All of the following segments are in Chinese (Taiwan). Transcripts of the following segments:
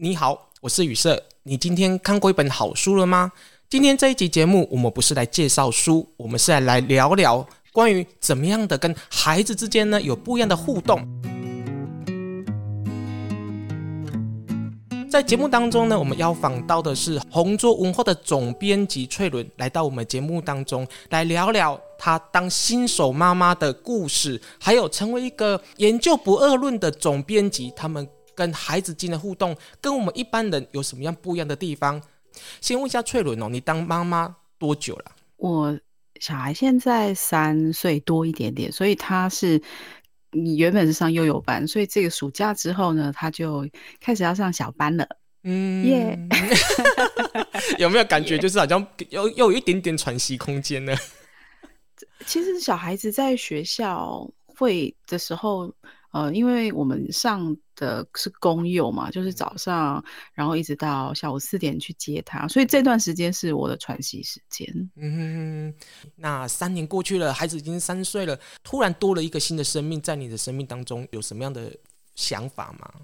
你好，我是宇色。你今天看過一本好書了嗎？今天這一集節目，我們不是來介紹書，我們是來來聊聊關於怎麼樣的跟孩子之間呢有不一樣的互動。在節目當中呢，我們邀訪到的是紅桌文化的總編輯粹倫，來到我們節目當中來聊聊她當新手媽媽的故事，還有成為一個研究不二論的總編輯，他們。跟孩子間的互動，跟我們一般人有什麼樣不一樣的地方？先問一下粹倫哦、喔，你當媽媽多久了？我小孩現在三歲多一點點，所以他是你原本是上幼幼班，所以這個暑假之後呢，他就開始要上小班了。嗯耶，Yeah 有沒有感覺就是好像又又有一點點喘息空間呢？其實小孩子在學校會的時候。呃，因為我們上的是公幼嘛，就是早上，然後一直到下午四點去接他，所以這段時間是我的喘息時間。嗯哼哼，那三年過去了，孩子已經三歲了，突然多了一個新的生命在你的生命當中，有什麼樣的想法嗎？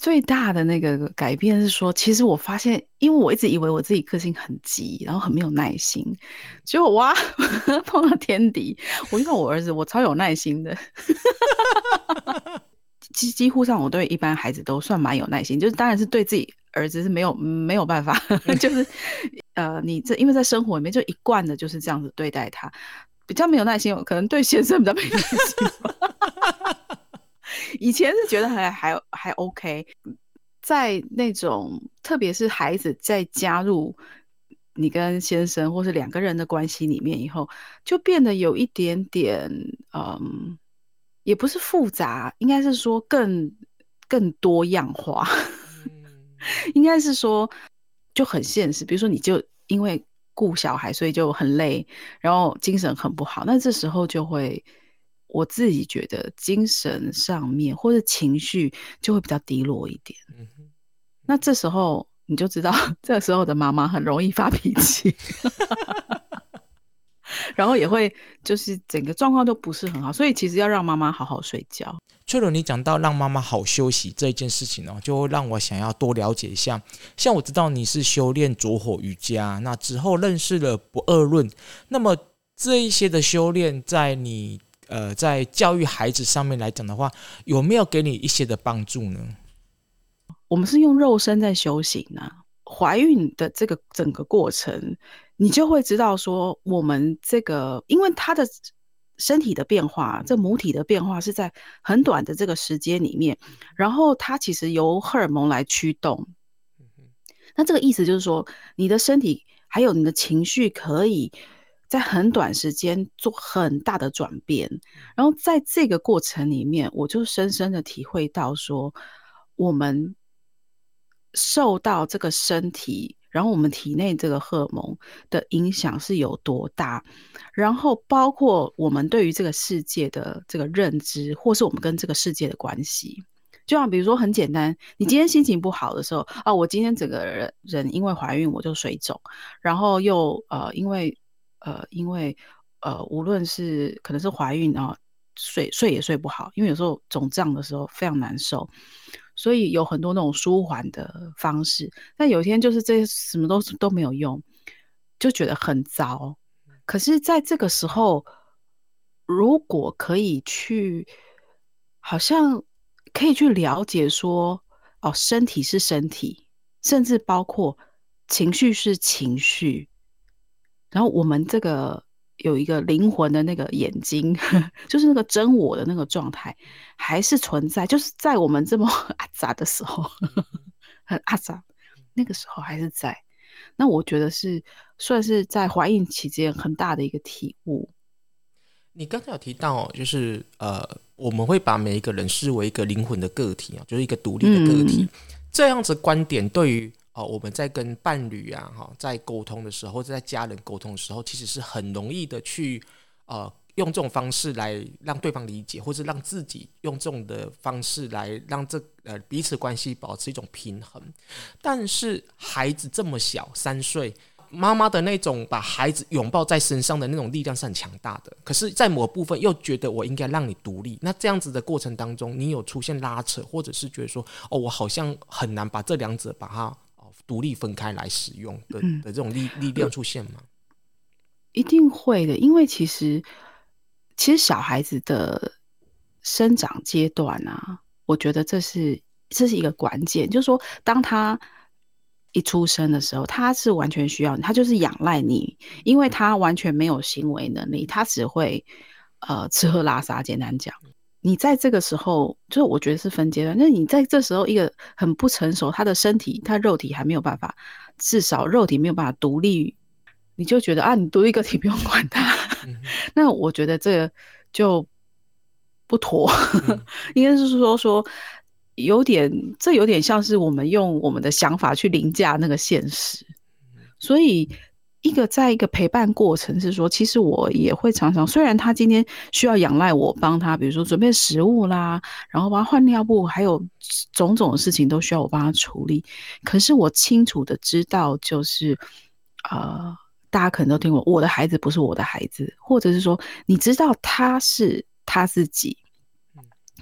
最大的那個改變是說，其實我發現，因為我一直以為我自己個性很急，然後很沒有耐心，結果哇，碰到天敵，我就看我兒子我超有耐心的。 幾乎上我對一般孩子都算蠻有耐心，就是當然是對自己兒子是沒有沒有辦法 就是呃，你這因為在生活裡面就一貫的就是這樣子對待他，比較沒有耐心，我可能對先生比較沒耐心。 以前是覺得還 還還 OK，在那種特別是孩子在加入你跟先生或是兩個人的關係裡面以後，就變得有一點點，嗯，也不是複雜，應該是說更更多樣化， 應該是說就很現實。比如說，你就因為顧小孩，所以就很累，然後精神很不好，那這時候就會。我自己覺得精神上面或者情緒就會比較低落一點，那這時候你就知道，這時候的媽媽很容易發脾氣， 然後也會就是整個狀況都不是很好，所以其實要讓媽媽好好睡覺。粹倫，你講到讓媽媽好休息這一件事情呢、哦，就會讓我想要多了解一下。像我知道你是修煉拙火瑜伽，那之後認識了不二論，那麼這一些的修煉在你。呃，在教育孩子上面來講的話，有沒有給你一些的幫助呢？我們是用肉身在修行呢。懷孕的這個整個過程，你就會知道說，我們這個因為他的身體的變化，這母體的變化是在很短的這個時間裡面，然後它其實由荷爾蒙來驅動。那這個意思就是說，你的身體還有你的情緒可以。在很短時間做很大的轉變，然後在這個過程裡面，我就深深的體會到說，我們受到這個身體，然後我們體內這個荷爾蒙的影響是有多大，然後包括我們對於這個世界的這個認知，或是我們跟這個世界的關係，就像比如說很簡單，你今天心情不好的時候啊，哦，我今天整個人人因為懷孕我就水腫，然後又呃因為。呃，因為，呃，無論是可能是懷孕啊，睡睡也睡不好，因為有時候腫脹的時候非常難受，所以有很多那種舒緩的方式。但有一天就是這些什麼都什麼都沒有用，就覺得很糟。可是，在這個時候，如果可以去，好像可以去了解說，哦，身體是身體，甚至包括情緒是情緒。然後我們這個有一個靈魂的那個眼睛，就是那個真我的那個狀態，還是存在，就是在我們這麼很阿雜的時候，嗯、呵呵很阿雜，嗯、那個時候還是在。那我覺得是算是在懷孕期間很大的一個體悟。你剛才有提到，就是呃，我們會把每一個人視為一個靈魂的個體啊，就是一個獨立的個體，嗯、這樣子觀點對於。哦，我們在跟伴侶啊，哈，在溝通的時候，或者在家人溝通的時候，其實是很容易的去，呃，用這種方式來讓對方理解，或者讓自己用這種的方式來讓這呃彼此關係保持一種平衡。但是孩子這麼小，三歲，媽媽的那種把孩子擁抱在身上的那種力量是很強大的，可是，在某部分又覺得我應該讓你獨立。那這樣子的過程當中，你有出現拉扯，或者是覺得說，哦，我好像很難把這兩者把它。獨立分開來使用的的這種力，嗯、力量出現嗎？一定會的，因為其實其實小孩子的生長階段啊，我覺得這是這是一個關鍵，嗯、就是說當他一出生的時候，他是完全需要，他就是仰賴你，因為他完全沒有行為能力，嗯、他只會呃吃喝拉撒，簡單講。嗯你在這個時候，就我覺得是分階段。那你在這時候，一個很不成熟，他的身體，他肉體還沒有辦法，至少肉體沒有辦法獨立，你就覺得啊，你獨一個體不用管他。嗯、哼 那我覺得這個就不妥， 應該是說說有點，這有點像是我們用我們的想法去凌駕那個現實，所以。一個在一個陪伴過程是說，其實我也會常常，雖然他今天需要仰賴我幫他，比如說準備食物啦，然後幫他換尿布，還有種種的事情都需要我幫他處理，可是我清楚的知道，就是，呃，大家可能都聽過，我的孩子不是我的孩子，或者是說，你知道他是他自己，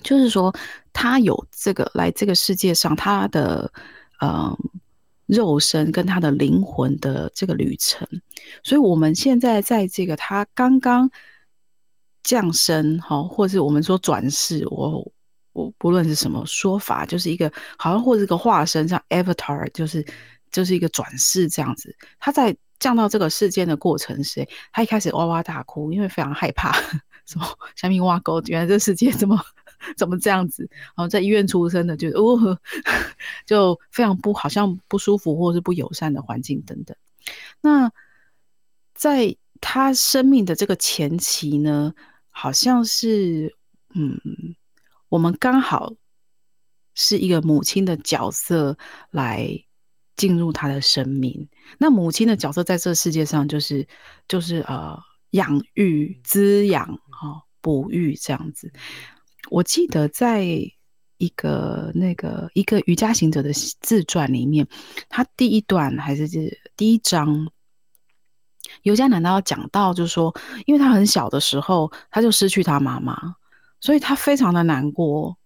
就是說，他有這個來這個世界上，他的，嗯、呃。肉身跟他的靈魂的這個旅程，所以我們現在在這個他剛剛降生哈，或者是我們說轉世，我我不論是什麼說法，就是一個好像或者是個化身，像 Avatar，就是就是一個轉世這樣子。他在降到這個世間的過程時，他一開始哇哇大哭，因為非常害怕，什麼蝦米挖溝，原來這世界這麼？ 怎麼這樣子？然、哦、後在醫院出生的就，就哦，就非常不，好像不舒服或是不友善的環境等等。那在他生命的這個前期呢，好像是嗯，我們剛好是一個母親的角色來進入他的生命。那母親的角色在這世界上就是就是呃，養育、滋養、哈、哦、哺育這樣子。我記得在一個那個一個瑜伽行者的自傳裡面，他第一段還是，是第一章，尤迦南達要講到就是說，因為他很小的時候他就失去他媽媽，所以他非常的難過，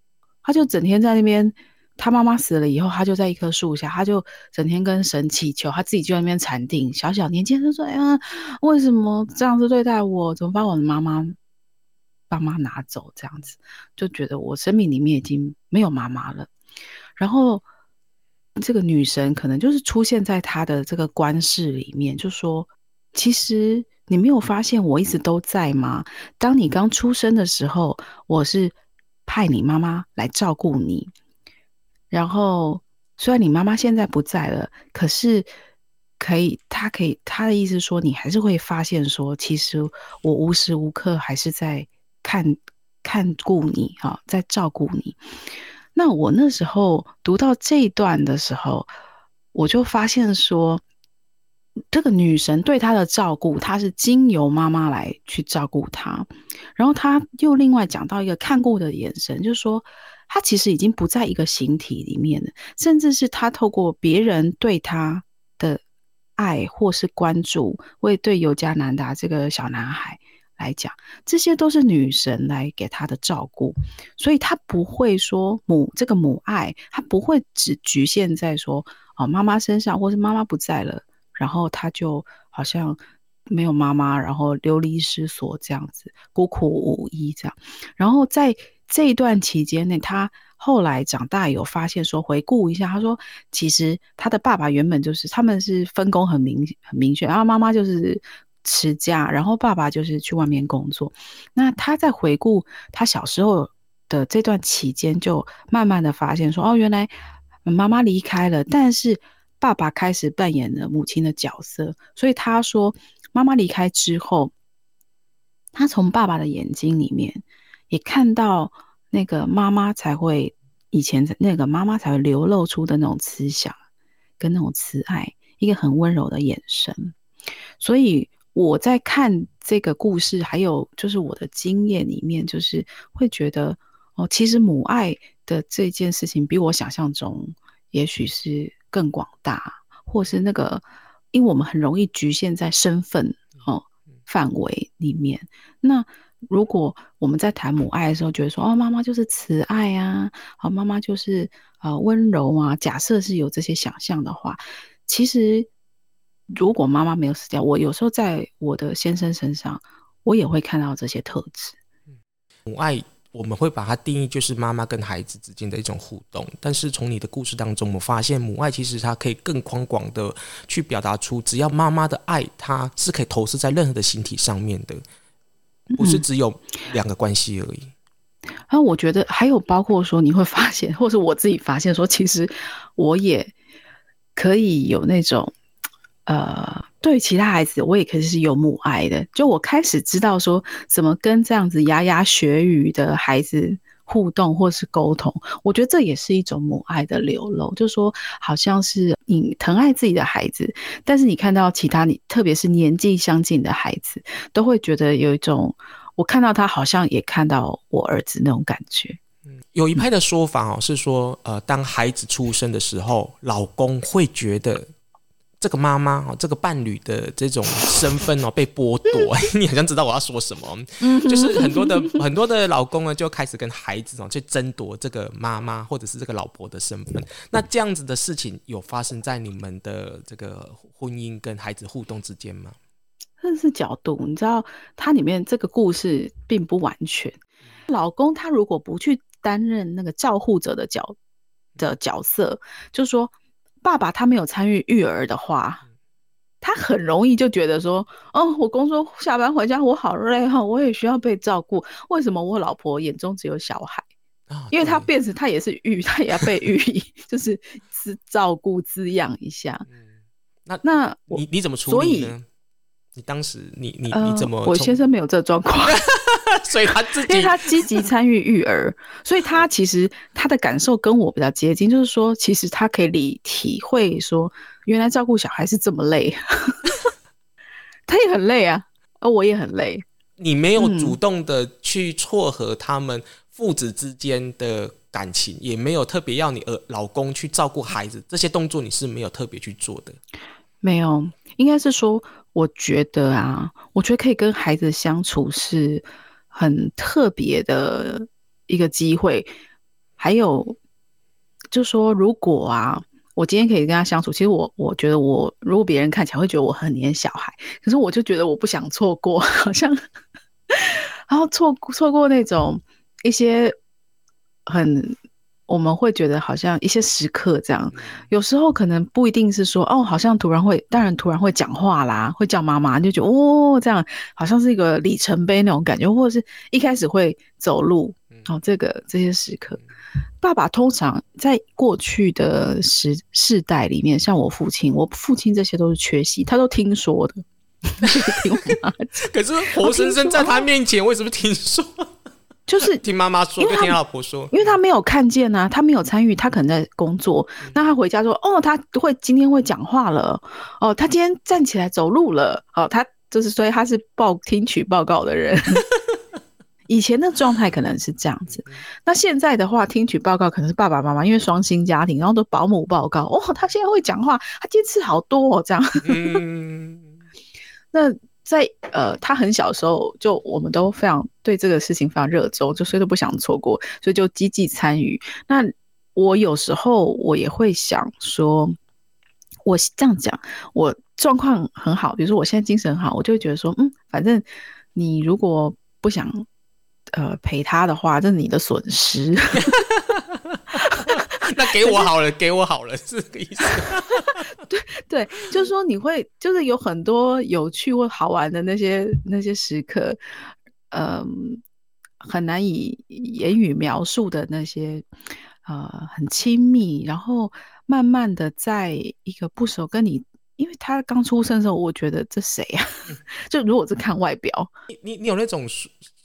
他就整天在那邊，他媽媽死了以後，他就在一棵樹下，他就整天跟神祈求，他自己就在那邊禪定，小小年紀就說，哎呀，為什麼這樣子對待我？怎麼把我的媽媽？爸媽拿走這樣子，就覺得我生命裡面已經沒有媽媽了。然後這個女神可能就是出現在她的這個觀世裡面，就說：“其實你沒有發現我一直都在嗎？當你剛出生的時候，我是派你媽媽來照顧你。然後雖然你媽媽現在不在了，可是可以，她可以，她的意思說，你還是會發現說，其實我無時無刻還是在。”看，看顧你啊、哦，在照顧你。那我那時候讀到這一段的時候，我就發現說，這個女神對他的照顧，她是經由媽媽來去照顧他。然後他又另外講到一個看顧的眼神，就是說，他其實已經不在一個形體裡面了，甚至是他透過別人對他的愛或是關注，為對尤加南達這個小男孩。來講，這些都是女神來給她的照顧，所以她不會說母這個母愛，她不會只侷限在說哦，媽媽身上，或是媽媽不在了，然後她就好像沒有媽媽，然後流離失所這樣子，孤苦無依這樣。然後在這一段期間內，她後來長大有發現說，回顧一下，她說其實她的爸爸原本就是他們是分工很明很明確，然後媽媽就是。持家，然後爸爸就是去外面工作。那他在回顧他小時候的這段期間，就慢慢的發現說：“哦，原來媽媽離開了，嗯、但是爸爸開始扮演了母親的角色。”所以他說：“媽媽離開之後，他從爸爸的眼睛裡面也看到那個媽媽才會，以前那個媽媽才會流露出的那種慈祥跟那種慈愛，一個很溫柔的眼神。”所以。我在看這個故事，還有就是我的經驗裡面，就是會覺得哦，其實母愛的這件事情比我想象中，也許是更廣大，或是那個，因為我們很容易局限在身份哦範圍裡面。那如果我們在談母愛的時候，覺得說哦，媽媽就是慈愛啊，哦，媽媽就是啊溫柔啊，假設是有這些想象的話，其實。如果媽媽沒有死掉，我有時候在我的先生身上，我也會看到這些特質。母愛，我們會把它定義就是媽媽跟孩子之間的一種互動。但是從你的故事當中，我發現母愛其實它可以更寬廣的去表達出，只要媽媽的愛，它是可以投射在任何的形體上面的，不是只有兩個關係而已。那、嗯嗯啊、我覺得還有包括說，你會發現，或者我自己發現說，其實我也可以有那種。呃，對其他孩子，我也可是有母愛的。就我開始知道說，怎麼跟這樣子牙牙學語的孩子互動，或是溝通，我覺得這也是一種母愛的流露。就是說，好像是你疼愛自己的孩子，但是你看到其他你，你特別是年紀相近的孩子，都會覺得有一種，我看到他好像也看到我兒子那種感覺。嗯，有一派的說法哦，是說，呃，當孩子出生的時候，老公會覺得。這個媽媽哦，這個伴侶的這種身份哦被剝奪，你好像知道我要說什麼。就是很多的很多的老公呢，就開始跟孩子哦去爭奪這個媽媽或者是這個老婆的身份。那這樣子的事情有發生在你們的這個婚姻跟孩子互動之間嗎？這是角度，你知道，它裡面這個故事並不完全。老公他如果不去擔任那個照護者的角的角色，就是說。爸爸他沒有參與育兒的話，他很容易就覺得說，哦、嗯，我工作下班回家我好累哈，我也需要被照顧。為什麼我老婆眼中只有小孩？哦、因為他變成他也是育，他也要被育， 就是是照顧滋養一下。嗯、那那我你，你怎麼處理呢？你當時你，你你、呃、你怎麼？我先生沒有這狀況，所以他自己因為他積極參與育兒， 所以他其實他的感受跟我比較接近，就是說，其實他可以理體會說，原來照顧小孩是這麼累， 他也很累啊，而我也很累。你沒有主動的去撮合他們父子之間的感情，嗯、也沒有特別要你呃老公去照顧孩子，嗯、這些動作你是沒有特別去做的。沒有，應該是說，我覺得啊，我覺得可以跟孩子相處是很特別的一個機會。還有，就是說，如果啊，我今天可以跟他相處，其實我我覺得我，如果別人看起來會覺得我很黏小孩，可是我就覺得我不想錯過，好像，然後錯過錯過那種一些很。我們會覺得好像一些時刻這樣，有時候可能不一定是說哦，好像突然會當然突然會講話啦，會叫媽媽，你就覺得哦，這樣好像是一個里程碑那種感覺，或者是一開始會走路哦，這個這些時刻，爸爸通常在過去的時世代裡面，像我父親，我父親這些都是缺席，他都聽說的， 可是活生生在他面前，為什麼聽說？ 就是聽媽媽說，聽老婆說，因為他沒有看見啊，他沒有參與，他可能在工作。嗯、那他回家說：“哦，他會今天會講話了，哦，他今天站起來走路了。”哦，他就是，所以他是報聽取報告的人。 以前的狀態可能是這樣子，那現在的話，聽取報告可能是爸爸媽媽，因為雙薪家庭，然後都保姆報告。哦，他現在會講話，他今天吃好多哦，這樣。嗯。 那。在呃，他很小的時候就，我們都非常對這個事情非常熱衷，就誰都不想錯過，所以就積極參與。那我有時候我也會想說，我這樣講，我狀況很好，比如說我現在精神很好，我就會覺得說，嗯，反正你如果不想呃陪他的話，這是你的損失。 那給我好了，就是、給我好了，是個意思。 對對，就是說你會，就是有很多有趣或好玩的那些那些時刻，嗯、呃，很難以言語描述的那些，呃，很親密。然後慢慢的，在一個不熟跟你，因為他剛出生的時候，我覺得這誰呀、啊？嗯、就如果是看外表，你你，你有那種。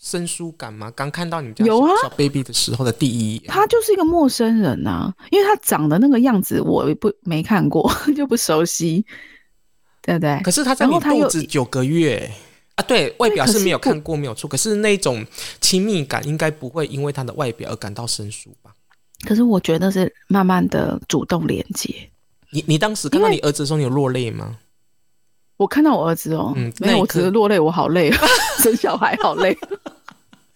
生疏感嗎？剛看到你有啊，小 baby 的時候的第一眼，他就是一個陌生人吶、啊，因為他長得那個樣子，我不沒看過，就不熟悉，對不對，對？可是他在你肚子九個月啊，對，外表是沒有看過，沒有錯。可是，可是那種親密感，應該不會因為他的外表而感到生疏吧？可是我覺得是慢慢的主動連接。你你當時看到你兒子的時候，有落淚嗎？我看到我兒子哦，嗯、那我直是落淚，我好累啊， 生小孩好累。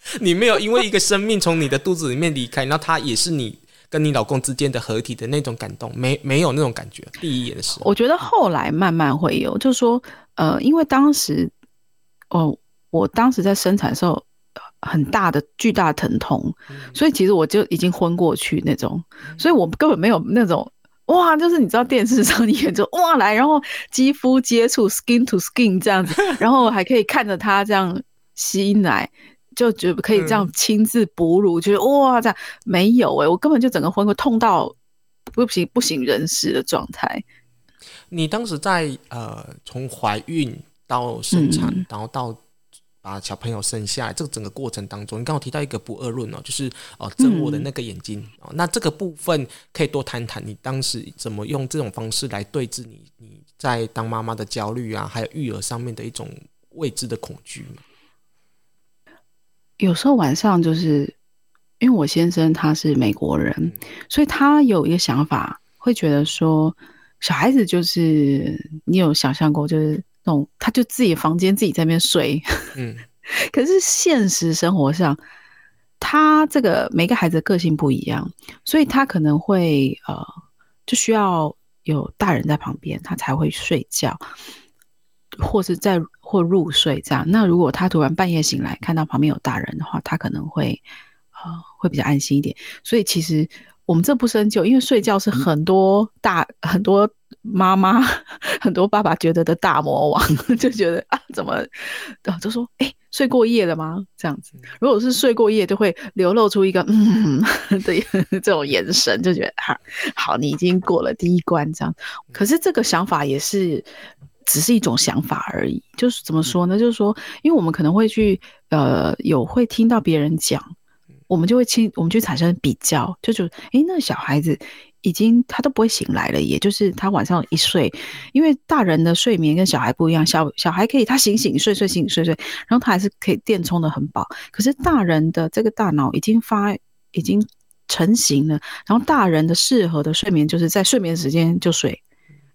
你沒有因為一個生命從你的肚子裡面離開，那他也是你跟你老公之間的合體的那種感動，沒沒有那種感覺。第一眼的時候，我覺得後來慢慢會有，嗯、就是說，呃，因為當時，哦，我當時在生產的時候很大的巨大的疼痛，嗯、所以其實我就已經昏過去那種，所以我根本沒有那種哇，就是你知道電視上你演着哇來，然後肌膚接觸 skin to skin 這樣子，然後還可以看着他這樣吸奶。 就覺得可以這樣親自哺乳，嗯、覺得哇，這樣沒有哎、欸，我根本就整個昏過，痛到不行、不省人事的狀態。你當時在呃，從懷孕到生產，嗯、然後到把小朋友生下來，這個、整個過程當中，你剛好提到一個不二論哦，就是哦、呃，真我的那個眼睛、嗯、哦，那這個部分可以多談談你當時怎麼用這種方式來對治你你在當媽媽的焦慮啊，還有育兒上面的一種未知的恐懼嗎？有時候晚上就是，因為我先生他是美國人，嗯、所以他有一個想法，會覺得說，小孩子就是你有想象過就是那種他就自己房間自己在那邊睡，嗯、 可是現實生活上，他這個每個孩子的個性不一樣，所以他可能會、嗯、呃就需要有大人在旁邊，他才會睡覺，或是在。或入睡這樣，那如果他突然半夜醒來，看到旁邊有大人的話，他可能會，呃，會比較安心一點。所以其實我們這不深究，因為睡覺是很多大、很多媽媽、很多爸爸覺得的大魔王，就覺得啊，怎麼，就說欸，睡過夜了嗎？這樣子，如果是睡過夜，就會流露出一個嗯嗯的這種眼神，就覺得哈，好，你已經過了第一關這樣。可是這個想法也是。只是一種想法而已，就是怎麼說呢？就是說，因為我們可能會去，呃，有會聽到別人講，我們就會聽我們就產生比較，就就是，誒，那小孩子已經他都不會醒來了，也就是他晚上一睡，因為大人的睡眠跟小孩不一樣，小小孩可以他醒醒睡睡醒醒睡睡，然後他還是可以電充得很飽，可是大人的這個大腦已經發已經成型了，然後大人的適合的睡眠就是在睡眠時間就睡，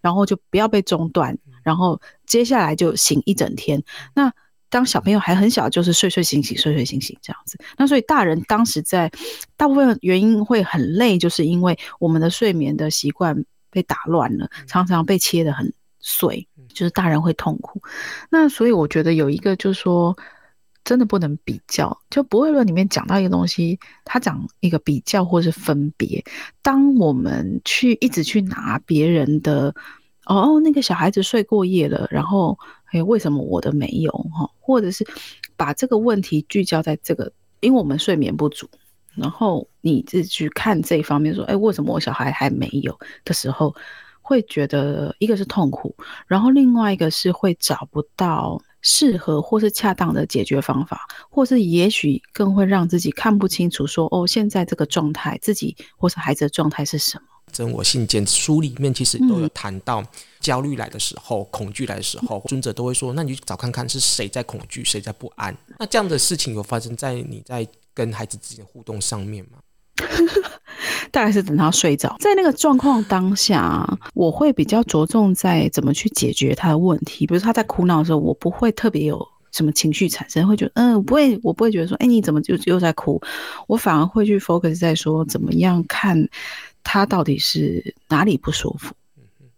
然後就不要被中斷。然後接下來就醒一整天。那當小朋友還很小，就是睡睡醒醒，睡睡醒醒這樣子。那所以大人當時在大部分原因會很累，就是因為我們的睡眠的習慣被打亂了，常常被切得很碎，就是大人會痛苦。那所以我覺得有一個就是說，真的不能比較。就不二論裡面講到一個東西，他講一個比較或是分別。當我們去一直去拿別人的。哦，那個小孩子睡過夜了，然後哎，為什麼我的沒有哈？或者是把這個問題聚焦在這個，因為我們睡眠不足，然後你自己去看這方面說，說哎，為什麼我小孩還沒有的時候，會覺得一個是痛苦，然後另外一個是會找不到適合或是恰當的解決方法，或是也許更會讓自己看不清楚說，說哦，現在這個狀態，自己或是孩子的狀態是什麼？真我信件書裡面其實都有談到焦慮來的時候、嗯、恐懼來的時候，尊者都會說：“那你去找看看是誰在恐懼，誰在不安。”那這樣的事情有發生在你在跟孩子之間的互動上面嗎？ 大概是等他睡着，在那個狀況當下，我會比較着重在怎麼去解決他的問題。比如他在哭鬧的時候，我不會特別有什麼情緒產生，會覺得嗯，不會，我不會覺得說：“哎、欸，你怎麼就又，又在哭？”我反而會去 focus 在說怎麼樣看。他到底是哪裡不舒服？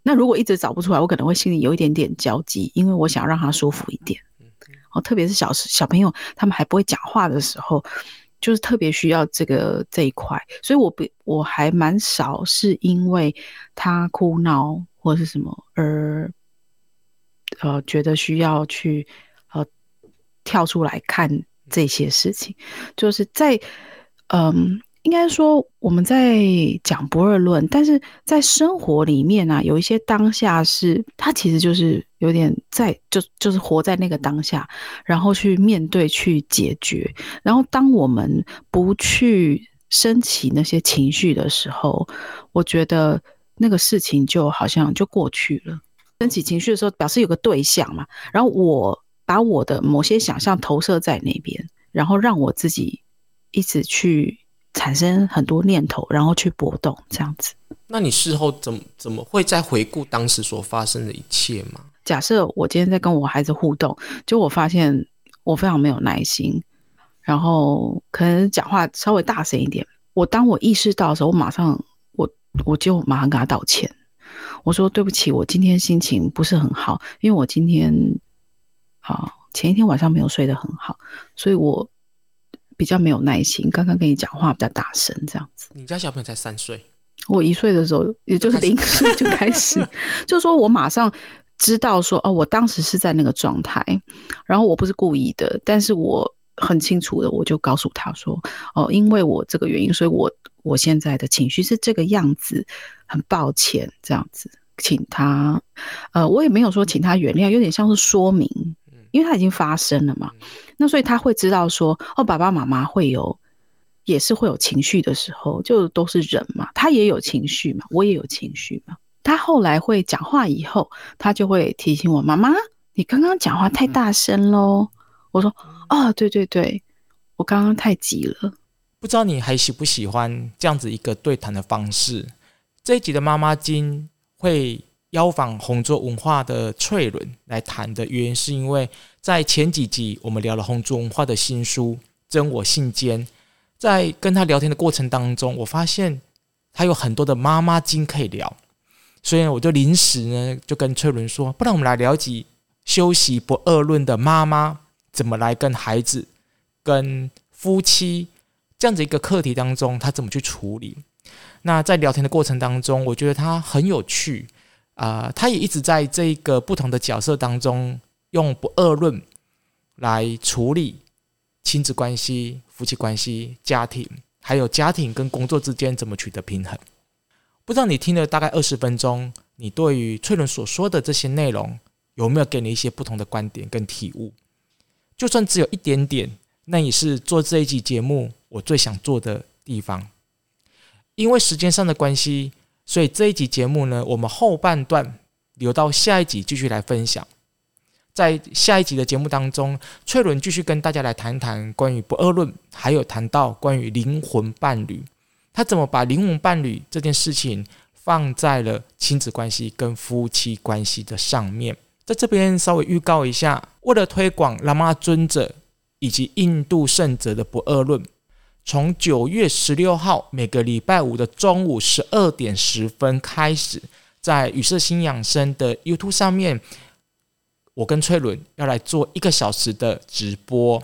那如果一直找不出來，我可能會心裡有一點點焦急，因為我想讓他舒服一點。哦，特別是小時小朋友，他們還不會講話的時候，就是特別需要這個這一塊。所以我比我還蠻少是因為他哭鬧或是什麼而，呃，覺得需要去，呃，跳出來看這些事情，就是在，嗯。應該說我們在講不二論，但是在生活裡面呢、啊，有一些當下是它，其實就是有點在就就是活在那個當下，然後去面對去解決。然後當我們不去升起那些情緒的時候，我覺得那個事情就好像就過去了。升起情緒的時候，表示有個對象嘛，然後我把我的某些想象投射在那邊，然後讓我自己一直去。產生很多念頭，然後去波動，這樣子。那你事後怎麼怎麼會再回顧當時所發生的一切嗎？假設我今天在跟我孩子互動，就我發現我非常沒有耐心，然後可能講話稍微大聲一點。我當我意識到的時候，我馬上我我就馬上跟他道歉，我說對不起，我今天心情不是很好，因為我今天好前一天晚上沒有睡得很好，所以我。比較沒有耐心，剛剛跟你講話比較大聲，這樣子。你家小朋友才三歲，我一歲的時候，就也就是零歲就開始， 就說我馬上知道說哦，我當時是在那個狀態，然後我不是故意的，但是我很清楚的，我就告訴他說哦，因為我這個原因，所以我我現在的情緒是這個樣子，很抱歉，這樣子，請他，呃，我也沒有說請他原諒，有點像是說明。因為他已經發生了嘛，那所以他會知道說，哦，爸爸媽媽會有，也是會有情緒的時候，就都是人嘛，他也有情緒嘛，我也有情緒嘛。他後來會講話以後，他就會提醒我，媽媽，你剛剛講話太大聲嘍。嗯、我說，哦，對對對，我剛剛太急了。不知道你還喜不喜歡這樣子一個對談的方式？這一集的媽媽經會，邀訪紅桌文化的粹倫來談的原因，是因為在前幾集我們聊了紅桌文化的新書《真我信箋》，在跟他聊天的過程當中，我發現他有很多的媽媽經可以聊，所以我就臨時呢就跟粹倫說，不然我們來聊及修習不二論的媽媽怎麼來跟孩子、跟夫妻這樣子一個課題當中，他怎麼去處理。那在聊天的過程當中，我覺得他很有趣。啊、呃，他也一直在這個不同的角色當中，用不二論來處理親子關係、夫妻關係、家庭，還有家庭跟工作之間怎麼取得平衡。不知道你聽了大概二十分鐘，你對於粹倫所說的這些內容，有沒有給你一些不同的觀點跟體悟？就算只有一點點，那也是做這一集節目我最想做的地方，因為時間上的關係。所以這一集節目呢，我們後半段留到下一集繼續來分享。在下一集的節目當中，粹倫繼續跟大家來談談關於不二論，還有談到關於靈魂伴侶，他怎麼把靈魂伴侶這件事情放在了親子關係跟夫妻關係的上面。在這邊稍微預告一下，為了推廣拉瑪那尊者以及印度聖者的不二論。從九月十六號每個禮拜五的中午十二點十分開始，在宇色 's 靈修世界的 YouTube 上面，我跟粹倫要來做一個小時的直播。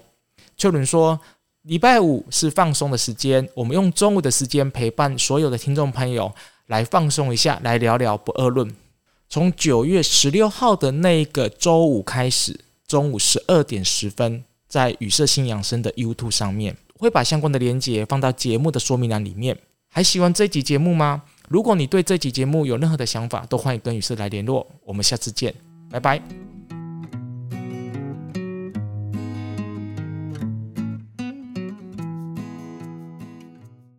粹倫說，禮拜五是放鬆的時間，我們用中午的時間陪伴所有的聽眾朋友來放鬆一下，來聊聊不二論。從九月十六號的那個周五開始，中午十二點十分，在宇色 's 靈修世界的 YouTube 上面。會把相關的連接放到節目的說明欄裡面。還喜歡這一集節目嗎？如果你對這集節目有任何的想法，都歡迎跟宇色來聯絡。我們下次見，拜拜。